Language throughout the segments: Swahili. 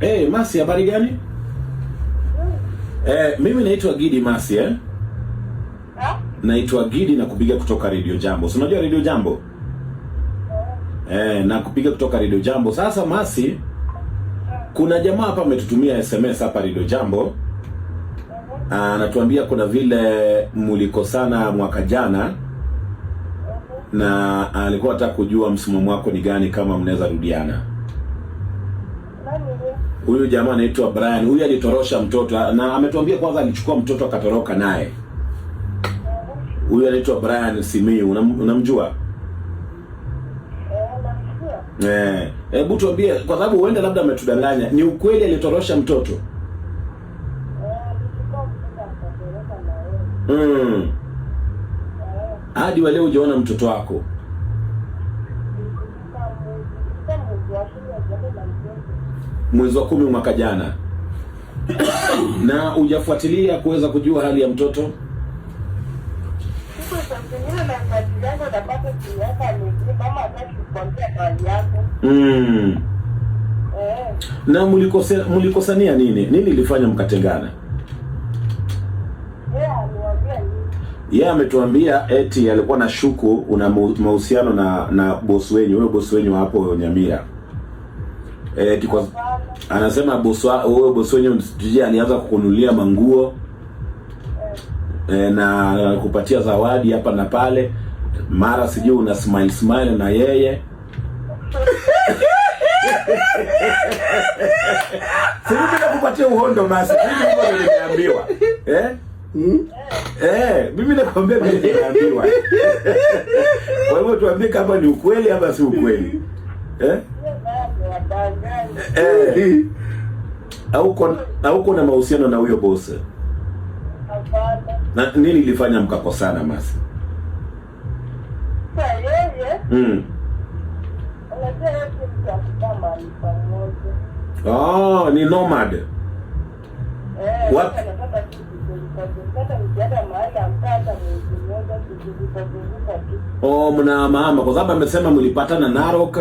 Hey, Masi habari gani? Eh, mimi naitwa Gidi Masi eh? eh? Naitwa Gidi na kupiga kutoka Radio Jambo. Si unajua Radio Jambo? Eh, eh na kupiga kutoka Radio Jambo. Sasa Masi, kuna jamaa hapa ametutumia SMS hapa Radio Jambo. Mhm. Ah, anatuambia kuna vile mlikosana mwaka jana mhm. na alikuwa anataka kujua msimamo wako ni gani kama mnaweza rudiana. Huyu jamaa anaitwa Brian, huyu alitorosha mtoto na ametuambia kwanza alichukua mtoto akatoroka naye. Huyu anaitwa Brian simiu unamjua? Eh, hebu tuambie kwa sababu huenda labda ametudanganya. Ni ukweli alitorosha mtoto? Mm. Hadi waleo hujaona mtoto wako? mwezi wa kumi mwaka jana. na hujafuatilia kuweza kujua hali ya mtoto? Mm. Na mlikose, mlikosania nini? Nini ilifanya mkatengana? ye yeah, ametuambia eti alikuwa na shuku una mahusiano na na bosi wenyu, huyo bosi wenyu hapo Nyamira eh, kwa, anasema boswa wewe bosi wenyewe msitujie alianza kukunulia manguo eh, na kupatia zawadi hapa na pale, mara sijui una smile smile na yeye sijui nakupatia uhondo basi, nimeambiwa eh Mm? Eh, mimi nakwambia mimi nimeambiwa. Kwa hivyo tuambie kama ni ukweli ama si ukweli. Eh? eh, hauko na mahusiano na huyo boss? Na nini ilifanya mkakosana masi? Mm. Oh, ni nomad. Eh, What? Oh, mna mama kwa sababu amesema mlipatana Narok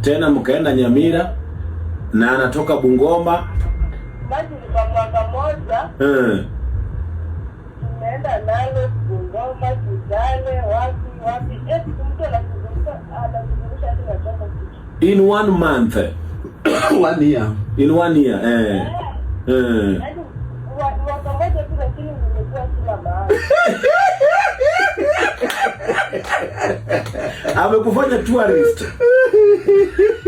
tena mkaenda Nyamira na anatoka Bungoma Basi ni kwa mwaka moja eh, Tumeenda nalo Bungoma, Kitale, wapi wapi, eti mtu anazungumza anakuzungusha hadi natoka in one month one year in one year eh eh eh. Yaani, amekufanya tourist